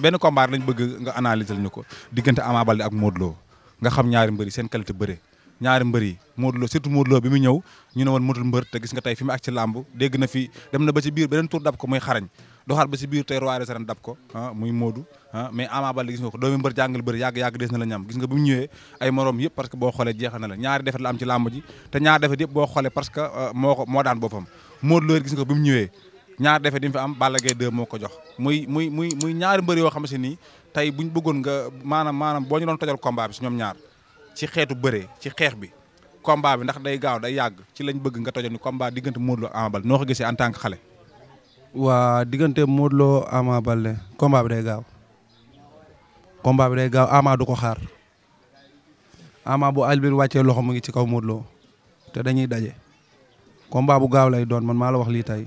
benn combat lañ bëgg nga analyser ñu ko diggante Ama Baldé ak Modou Lo nga xam ñaari mbër yi seen qualité bëre ñaari mbër yi Modou surtout Modou Lo bi mu ñëw ñu ne woon motul mbër te gis nga tey fi mu ak ci làmb na fi dem na ba ci biir beneen tur dab ko muy ba ci biir tey roi des arènes dab ko ah muy Modou ah mais Ama mbër jàngal bëri yàgg-yàgg des na la ñam gis nga bi mu ñëwee ay morom yëpp parce que boo xoolee jeexal na la ñaari defet la am ci làmb ji te ñaari defet yëpp boo xoolee parce que euh, moo ko moo daan boppam Modou Lo gis nga ko bi mu ñëwee ñaar defe di fi am Balla Gaye 2 moo ko jox muy muy muy muy ñaari mbër yoo xam si ni tey buñ bëggoon nga maanaam maanaam boo ñu doon tojal combat si ñoom ñaar ci xeetu bëree ci xeex bi combat bi ndax day gaaw day yàgg ci lañ bëgg nga tojal ni combat diggante Modou Lo Ama Baldé noo xale. waa diggante Modou Lo Ama Baldé combat bi day gaaw combat bi day gaaw Ama du ko xaar Ama boo Albir wàccee loxo mu ngi ci kaw Modou te dañuy daje combat bu gaaw lay doon man maa la wax lii tey.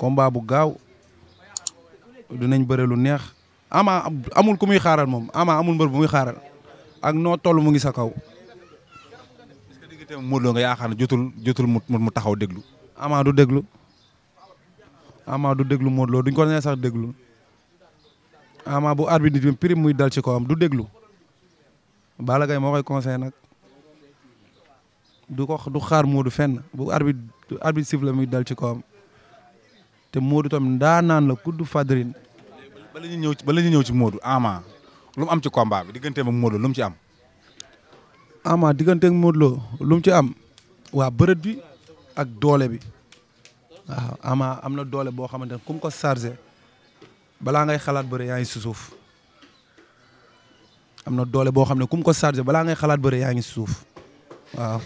combat bu gaaw dinañ bëre lu neex ama amul ku muy xaaral moom ama amul mbër bu muy xaaral ak noo toll mu ngi sa kaw. est-ce que nga yaakaar ne jotul jotul mu taxaw déglu. ama du déglu ama du déglu Modou Lo duñ ko nee sax déglu ama bu arbitre bi muy dal ci kawam du déglu Balla Gaye moo koy conseil nag. du ko du xaar Modou fenn bu arbitre arbitre siffle muy dal ci kawam te Modou tam ndaanaan la kudd fadrin bala ñëw ci bala ñu ñëw ci moodu Ama lu am ci combat bi digganteem ak Modou lu ci am. Ama digganteeg Modou lu mu ci am waa bërët bi ak doole bi waaw am na doole boo xamante ne ku ko chargé balaa ngay xalaat bëre yaa ngi si suuf am na doole boo xam ne ku mu ko chargé balaa ngay xalaat bëre yaa ngi si suuf waaw.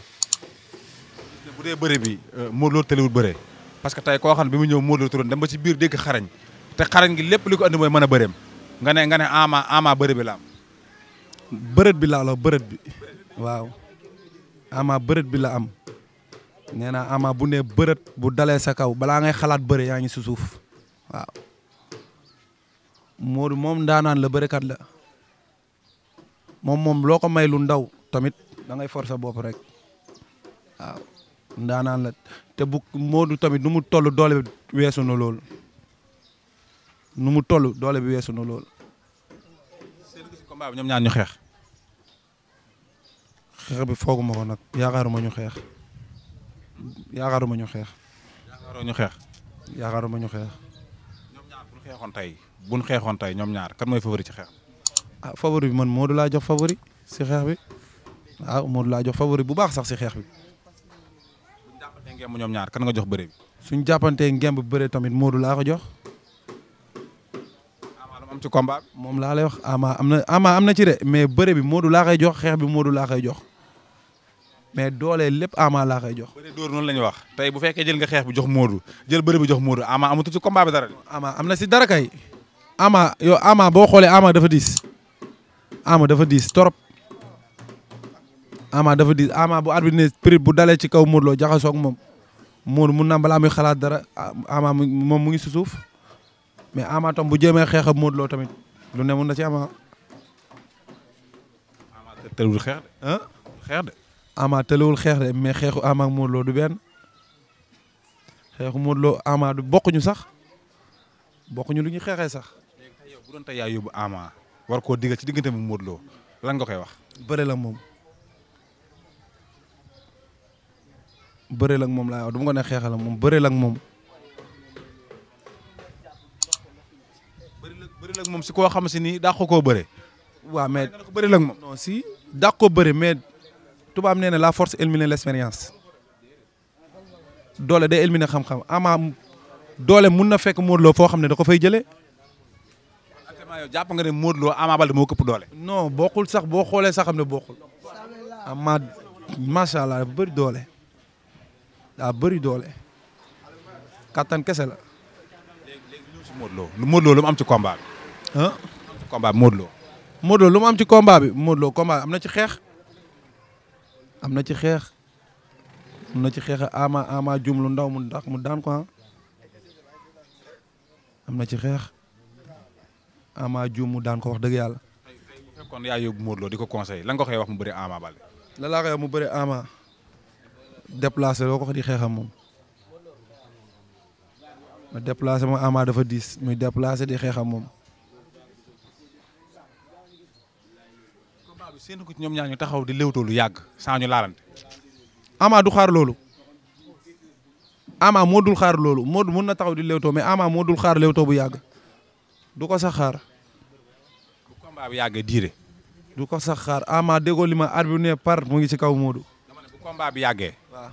bu dee bëre euh, parce que tey koo xam ne bi mu ñëw Modou Lo turoon dem ba ci biir dégg xarañ te xarañ gi lépp li ko andi mooy mën a bëreem nga ne nga ne ama ama bëre bi la am bërët waaw ama bërët bi la am nee naa ama bu ne bërët bu dalee sa kaw balaa ngay xalaat bëre yaa ngi si suuf waaw Modou moom daanaan la bërekat la moom moom loo ko may lu ndaw tamit da ngay forcer bopp rek waaw ndaanaan la te bu Modou tamit nu mu tollu doole bi weesu na lool nu mu toll doole bi weesu na lool seen gis ñoom ñaar ñu xeex. xeex bi fooguma ko nag yaakaaruma ñu xeex yaakaaruma ñu xeex. yaakaaroo ñu xeex. yaakaaruma ñu xeex. ñoom ñaar bu ñu xeexoon tey bu xeexoon tey ñoom ñaar kan mooy favori ci xeex. ah favori bi man du laa jox favori si xeex bi waaw ah, Modou laa jox favori bu baax sax si xeex bi. ngemb ñoom ñaar kan nga jox bëre bi. suñ jàppantee ngemb bëre tamit moodu laa ko jox. Ama am ci combat moom laa lay wax Ama am na Ama am ci de mais bëre bi Modou laa koy jox xeex bi Modou laa koy jox mais doole lépp Ama laa koy jox. bëre dóor noonu la ñu wax tey bu fekkee jël nga xeex bi jox Modou jël bëre bi jox Modou Ama amatu ci bi dara. Ama am na si dara kay. Ama yow Ama boo xoolee Ama dafa diis. Ama dafa diis trop. Ama dafa di Ama bu arbitre ne prix bu dalee ci kaw Modou Lo moom Modou mun naa balaa muy xalaat dara Ama moom mu ngi si suuf mais Ama tam bu jéemee xeex ak Modou tamit lu ne mun na ci Ama. Ah. Ama tëlewul xeex de. Ah, xeex de. Ama xeex de mais xeexu Ama ak Modou Lo du benn xeexu Modou Lo du bokkuñu sax bokkuñu lu ñu xeexee sax. yow bu doon tey yaa yóbbu Ama war koo digal ci diggante mu Modou Lo lan nga koy wax. bëre la moom. bëreel ak moom la wax du ma ko xeexal moom bëreel ak moom. bëreel moom si koo xam si ni daa ko koo bëre. waaw mais bëreel ak moom non si. daa ko bëre mais tubaab nee na la force élimine l'expérience. doole de élimine xam-xam ama doole mun na fekk Modou Lo foo xam ne da ko fay jëlee. actuellement yow jàpp nga ne Modou Lo Ama Baldé moo këpp doole. non bokkul sax boo xoolee sax xam ne bokkul. ama macha allah doole. daa bari doole kattan kese la. léegi léegi ñëw si am ci combat bi. ah ci combat am ci combat bi Modou Lo am na ci xeex am na ci xeex am na ci xeex ama ama lu ndaw mu mu daan ko am na ci xeex ama jum mu daan ko wax dëgg yàlla. kon yaa yóbbu di ko conseillé lan nga wax mu bëri ama Baldé. la laa mu bëri ama. déplacé loo ko di xeexam moom ma déplacé ma Ama dafa diis muy déplacé di xeexam moom. combat bi séenu ko ci ñoom ñaar ñu taxaw di léwtoo lu yàgg saa ñu laalante. Ama du xaar loolu. Ama moo dul xaar loolu moo mun na taxaw di léwtoo mais Ama moo dul xaar léwtoo bu yàgg du ko sax xaar. bu combat bi du ko sax xaar Ama déggoo li ma arbitre ne par mu ngi ci kaw Modou. combat bi yàggee. waaw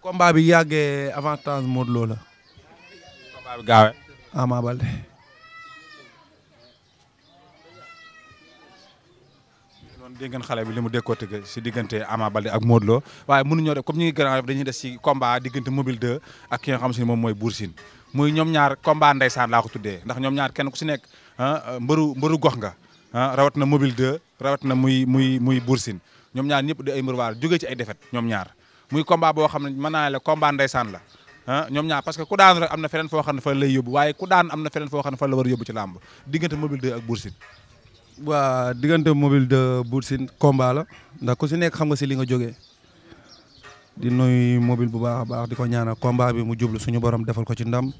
ñoom bi yàggee avantage Modou Lo la. combat bi gaawee. Ama Baldé. doon dégg ngeen xale bi li mu décortiqué si diggante Ama ak Modou Lo waaye mënuñoo comme ñu ngi gën dañuy des si combat diggante mobile 2 ak ki nga xam si moom mooy Bour Sine muy ñoom ñaar combat ndeysaan laa ko tuddee ndax ñoom ñaar kenn ku si nekk ah, mbëru mbëru gox nga ah, rawat na mobile 2 rawat na muy muy muy Bour Sine ñoom ñaar ñëpp di ay murwaar jóge ci ay défaite ñoom ñaar muy combat boo xam ne mën naa la combat ndeysaan la ah ñoom ñaar parce que ku daan am na feneen foo xam ne fa lay yóbbu waaye ku daan a yóbbu ci làmb diggante mobile 2 ak Boursine waa diggante mobile 2 Boursine combat la ndax ku si nekk xam nga si li nga jógee di noy mobile bu baax a baax di ko ñaanal combat bi mu jublu suñu boram defal ko ci ndam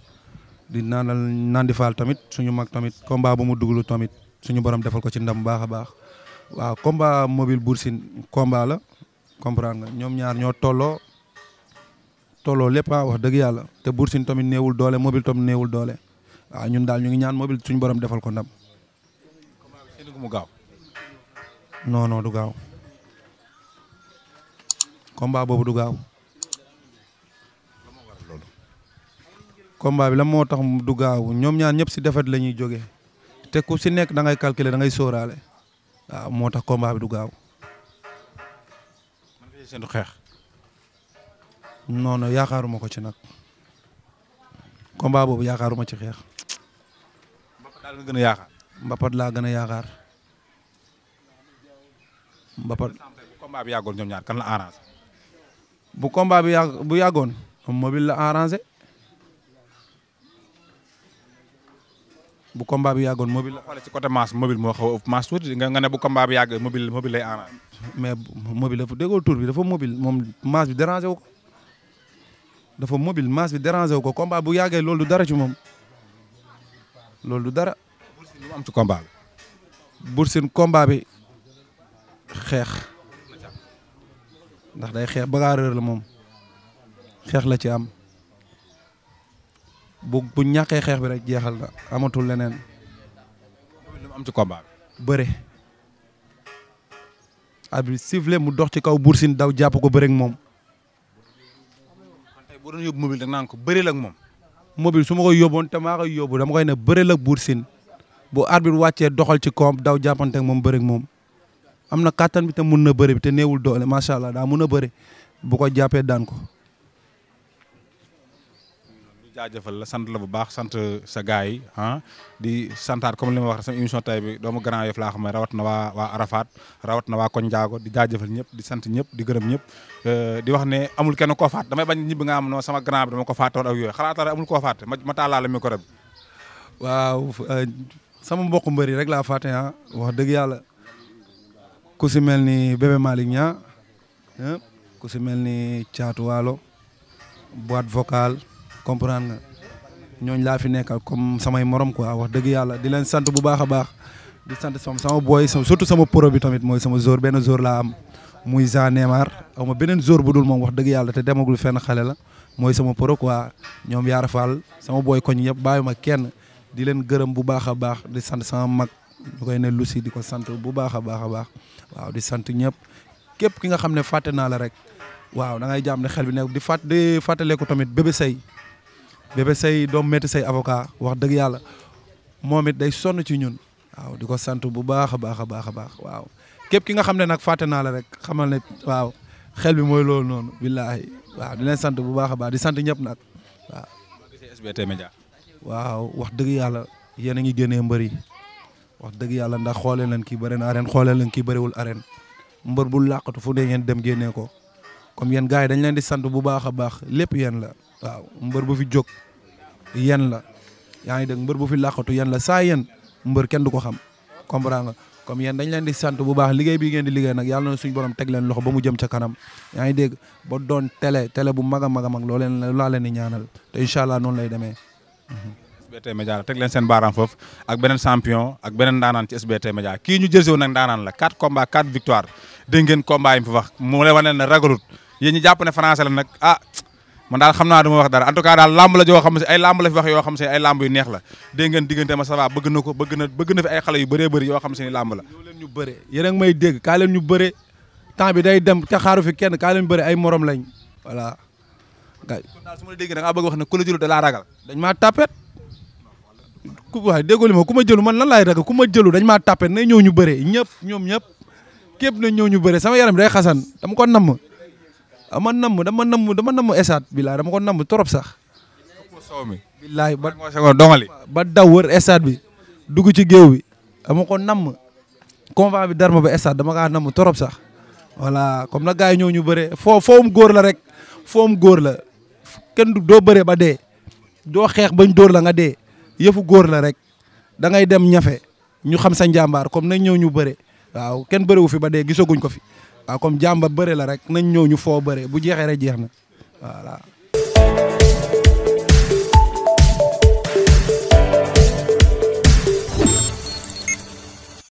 di naanal naan di faal tamit suñu mag tamit combat ba mu duglu tamit suñu borom defal ko ci ndam baax a waaw combat mobil Bour Sine combat la comprendre nga ñoom ñaar ñoo tolloo tolloo lépp ah wax dëgg yàlla te Bour Sine tamit néewul doole mobile tamit néewul doole waaw ñun daal ñu ngi ñaan mobil suñ borom defal ko ndam. mu gaaw. non du gaaw. combat boobu du gaaw. combat bi la moo tax du gaaw ñoom ñaar ñëpp si defet la ñuy jógee te ku si nekk da ngay calculer da ngay sóoraale. waaw moo tax combat bi du gaaw. man de seen xeex. non non yaakaaruma ko ci nag combat boobu yaakaaruma ci xeex. mbapat daal nga gën a yaakaar. mbapat laa gën a yaakaar. mbapat. bu combat bi yàggoon ñoom ñaar kan la arrangé. bu combat bi yàgg bu yàggoon. mobile la arrangé. bu combat bi yàggoon mobile la xoolee ci côté masse mobile moo xaw a masse tuuti nga nga ne bu combat bi yàgg mobile mobile lay arrangé. mais mobile dafa déggoo tour bi dafa mobile moom masse bi dérangé ko dafa mobile masse bi dérangé wu ko combat bu yàggee loolu du dara ci moom loolu du dara. Boursin lu am ci combat bi. bi xeex ndax day xeex bagarreur la moom xeex la ci am. bu bu ñàkkee xeex bi rek jeexal na amatul leneen. lu mu am ci combat bi. abi sifflé mu dox ci kaw Bour Sine daw jàpp ko bëre moom. tey bu doon yóbbu mobile nag naan ko bëre la ak moom. su ma koy yóbboon te maa koy yóbbu dama koy ne bëre la ak Bour bu arbitre wàccee doxal ci koom daw jàppante ak moom bëre moom. am na kàttan bi te mun na bëre bi te néewul doole macha allah daa mun a bëre bu ko jàppee daan ko. jaajëfal la sant la bu baax sant sa gaay yi ah di santaat comme li ma wax sama émission tay bi doomu Grand Yoff laa xam ne rawat na waa waa rawat na waa koñ Njaago di jaajëfal ñëpp di sant ñëpp di gërëm ñëpp euh, di wax ne amul kenn ko faat damay bañ ñibbi nga am non sama grand bi dama ko faatoon ak yooyu xalaatala amul koo faat ma taalaa la micro bi waaw euh, sama mbokk mbëri rek la faate ah wax dëgg yàlla ku si mel ni bébé Malick Niang ku si mel ni Thiatou Walo vocale comprendre nga ñooñ laa fi nekkal comme samay morom quoi wax dëgg yàlla di leen sant bu baax a baax di sant sama sama booy surtout sama pro bi tamit mooy sama jour benn jour laa am muy Jean Neymar aw ma beneen jour bu dul moom wax dëgg yàlla te demagul fenn xale la mooy sama pro quoi ñoom Yaara Fall sama booy koñ yëpp bàyyi ma kenn di leen gërëm bu baax a baax di sant sama mag ñu koy ne Lucie di ko sant bu baax a baax a baax waaw di sant ñëpp képp ki nga xam ne fàtte naa la rek waaw da ngay ne xel bi nekk di fàtt di tamit bébé say bébé say doom métti say avocat wax dëgg yàlla moom it day sonn ci ñun waaw di ko sant bu baax a baax a baax a baax waaw képp ki nga xam ne nag fàtte naa la rek xamal ne waaw xel bi mooy lool noonu billaahi waaw di leen sant bu baax a baax di sant ñëpp nag waaw. SBT Média. waaw wax dëgg yàlla yéen a ngi génnee mbër yi wax dëgg yàlla ndax xoolee leen kii bëri na arène xoolee leen kii bëriwul arène mbër bu làqatu fu ne ngeen dem génnee ko comme yéen gars yi dañ leen di sant bu baax a baax lépp yéen la. waaw mbër bu fi jóg yen la yaa ngi dégg mbër bu fi làqatu yen la saa yen mbër ken du ko xam comprendre nga comme yéen dañ leen di sant bu baax liggéey bi ngeen di liggéey nag yàlla na suñu borom teg leen loxo ba mu jëm ca kanam yaa ngi dégg ba doon télé tele bu mag a mag a mag loo leen laa leen di ñaanal te incha allah noonu lay demee. Mhm. SBT Média teg leen seen baaraam foofu ak beneen champion ak beneen ndaanaan ci SBT Média kii ñu jël si woon nag la 4 combats 4 victoire dégg ngeen combat yi mu man daal xam naa du ma wax dara en tout cas daal lamb la joo xam ne ay lamb la fi wax yoo xam ne ay lamb yu neex la dégg ngeen diggante ma sava bëgg na ko bëgg na bëgg na fi ay xale yu bëree bëri yoo xam ne lamb la ñoo leen ñu bëre yéen a ngi may ñu bëre temps bi day dem ca xaaru fi kenn kaa leen bëre ay morom lañ voilà gay kon ma dégg da bëgg wax ne ku la jëlu da ragal dañ maa tapet ku waaye ma ku ma jëlu man lan laay ragal ku ma jëlu dañ maa tapet na ñëw ñu bëre ñëpp ñoom ñëpp képp na ñëw ñu bëre sama yaram day xasan dama ko namm dama namm dama nam dama namm esaat bilaay dama ko namm trop sax. bilaay ba ba daw wër esaat bi dugg ci géew bi dama ko namm combat bi darma ba estad dama kaa namm trop sax. voilà comme na gars yi ñëw ñu bëree foo foom góor la rek foom góor la kenn doo bëree ba dee doo xeex bañ dóor la nga dee yëfu góor la rek da ngay dem ñafe ñu xam sa njàmbaar comme na ñëw ñu bëre waaw kenn bëriwu fi ba dee gisaguñ ko fi. waaw comme jàmba bëre la rek nañ ñëw ñu foo bëre bu jeexee rek jeex na voilà.